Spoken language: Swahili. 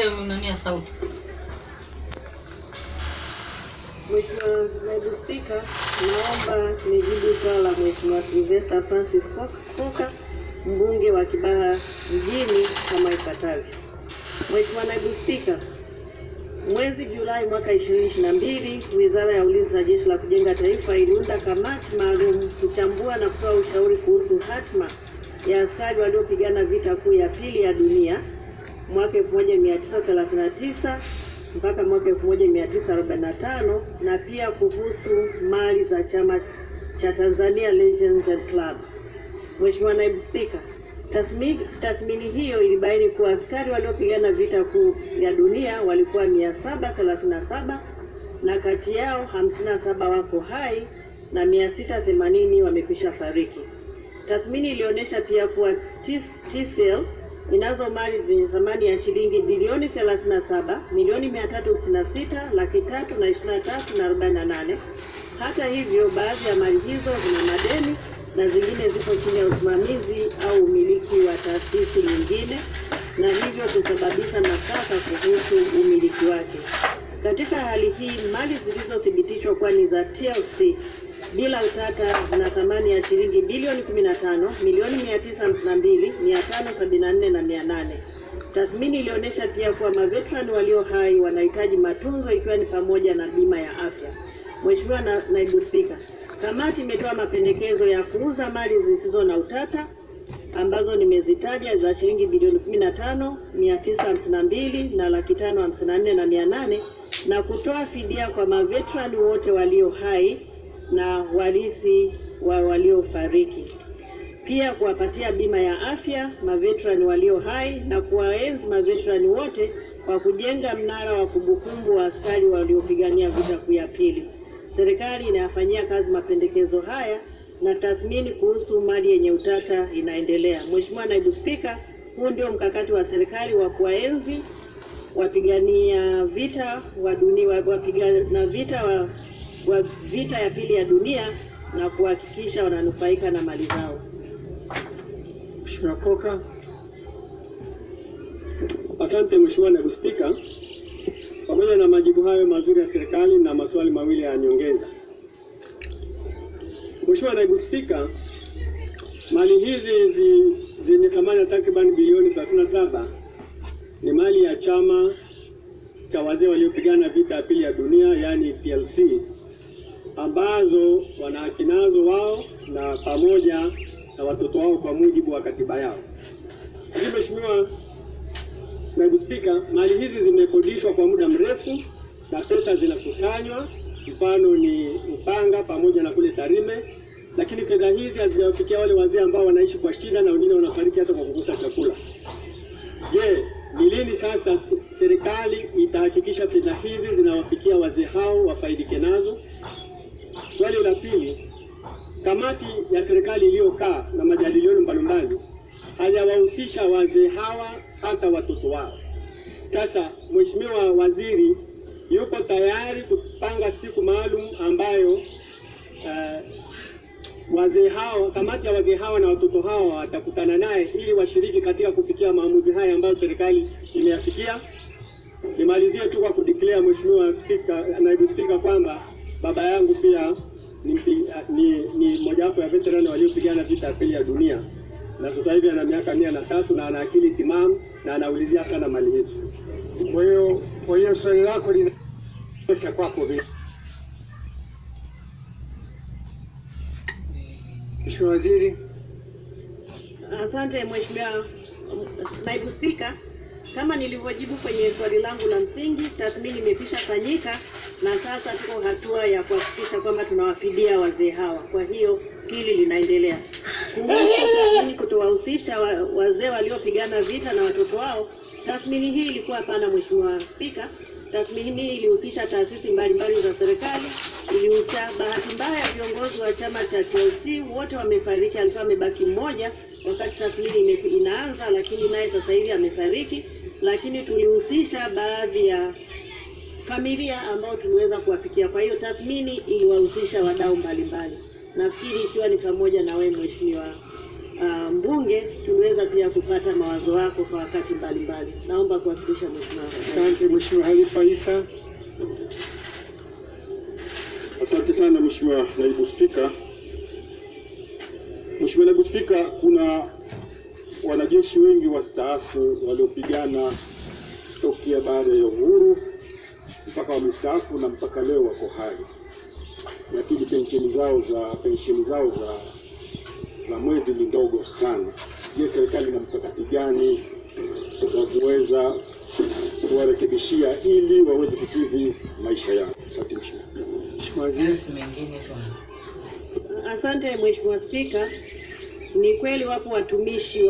Acha nani ya sauti. Mheshimiwa Naibu Spika, naomba nijibu swala la Mheshimiwa Francis mbunge wa Kibaha mjini kama ifuatavyo. Mheshimiwa Naibu Spika, mwezi Julai mwaka 2022 Wizara ya Ulinzi na Jeshi la Kujenga Taifa iliunda kamati maalum kuchambua na kutoa ushauri kuhusu hatma ya askari waliopigana vita kuu ya pili ya dunia mwaka 1939 mpaka mwaka 1945 na pia kuhusu mali za chama cha Tanzania Legends and Clubs. Mheshimiwa Naibu Spika, tathmini hiyo ilibaini kuwa askari waliopigana vita kuu ya dunia walikuwa 737 na kati yao 57 wako hai na 680 wamekwisha fariki. Tathmini ilionyesha pia kuwa TCL ninazo mali zenye thamani ya shilingi bilioni 37 milioni 366 laki tatu na 23 na 48. Hata hivyo, baadhi ya mali hizo zina madeni na zingine ziko chini ya usimamizi au umiliki wa taasisi nyingine na hivyo kusababisha mashaka kuhusu umiliki wake. Katika hali hii, mali zilizothibitishwa kuwa ni za TLC bila utata na thamani ya shilingi bilioni 15 milioni 952,574 na 800. Tathmini ilionyesha pia kuwa maveteran walio hai wanahitaji matunzo ikiwa ni pamoja na bima ya afya. Mheshimiwa na Naibu Spika, kamati imetoa mapendekezo ya kuuza mali zisizo na utata ambazo nimezitaja za shilingi bilioni 15 952 na laki na na nane na kutoa fidia kwa maveteran wote walio hai na warithi wa waliofariki, pia kuwapatia bima ya afya maveterani walio hai na kuwaenzi maveterani wote kwa kujenga mnara wa kumbukumbu wa askari waliopigania vita kuu ya pili. Serikali inayafanyia kazi mapendekezo haya na tathmini kuhusu mali yenye utata inaendelea. Mheshimiwa Naibu Spika, huu ndio mkakati wa serikali wa kuwaenzi wapigania vita wa dunia wapigana vita wa wa vita ya pili ya dunia na kuhakikisha wananufaika na mali zao. Tunakoka. Asante Mheshimiwa Naibu Spika, pamoja na majibu hayo mazuri ya serikali na maswali mawili ya nyongeza. Mheshimiwa Naibu Spika, mali hizi zenye thamani ya takriban bilioni 37 ni mali ya chama cha wazee waliopigana vita ya pili ya dunia, yaani PLC ambazo wanahaki nazo wao na pamoja na watoto wao kwa mujibu wa katiba yao. Lakini Mheshimiwa Naibu Spika, mali hizi zimekodishwa kwa muda mrefu na pesa zinakusanywa, mfano ni Upanga pamoja na kule Tarime, lakini fedha hizi hazijawafikia wale wazee ambao wanaishi kwa shida na wengine wanafariki hata kwa kukosa chakula. Je, ni lini sasa serikali itahakikisha fedha hizi zinawafikia wazee hao wafaidike nazo? swali la pili, kamati ya serikali iliyokaa na majadiliano mbalimbali hajawahusisha wazee hawa hata watoto wao. Sasa Mheshimiwa Waziri yuko tayari kupanga siku maalum ambayo uh, wazee hao, kamati ya wazee hawa na watoto hawa watakutana naye ili washiriki katika kufikia maamuzi haya ambayo serikali imeyafikia. Nimalizie tu kwa kudeclare Mheshimiwa Spika, naibu spika kwamba baba yangu pia ni, ni, ni mojawapo ya veterani waliopigana vita ya pili ya dunia, na sasa hivi ana miaka mia na tatu na ana akili timamu na anaulizia sana mali hizo. Kwa hiyo kwa hiyo swali lako linaosha kwako vile Mheshimiwa Waziri. Asante Mheshimiwa um, Naibu Spika, kama nilivyojibu kwenye swali langu la msingi, tathmini imekwisha fanyika na sasa tuko hatua ya kuhakikisha kwamba tunawafidia wazee hawa. Kwa hiyo hili linaendelea kutowahusisha wazee waliopigana vita na watoto wao. Tathmini hii ilikuwa pana, Mheshimiwa Spika. Tathmini hii ilihusisha taasisi mbalimbali za serikali, ilihusisha bahati mbaya viongozi wa chama cha TLC wote wamefariki, alikuwa amebaki mmoja wakati tathmini inaanza, lakini naye sasa hivi amefariki, lakini tulihusisha baadhi ya familia ambao tumeweza kuwafikia. Kwa hiyo tathmini iliwahusisha wadau mbalimbali, nafikiri ikiwa ni pamoja na wewe mheshimiwa uh, mbunge, tumeweza pia kupata mawazo yako kwa wakati mbalimbali. Naomba kuwasilisha mheshimiwa. Asante mheshimiwa Halifa Isa. Asante sana mheshimiwa naibu spika. Mheshimiwa naibu spika, kuna wanajeshi wengi wastaafu waliopigana tokea baada ya uhuru mpaka wamestaafu na mpaka leo wako hai, lakini pensheni zao za pensheni zao za za mwezi ni ndogo sana. Je, serikali na mkakati gani wa kuweza kuwarekebishia ili waweze kukidhi maisha yao? Asante Mheshimiwa Spika, ni kweli wapo watumishi wa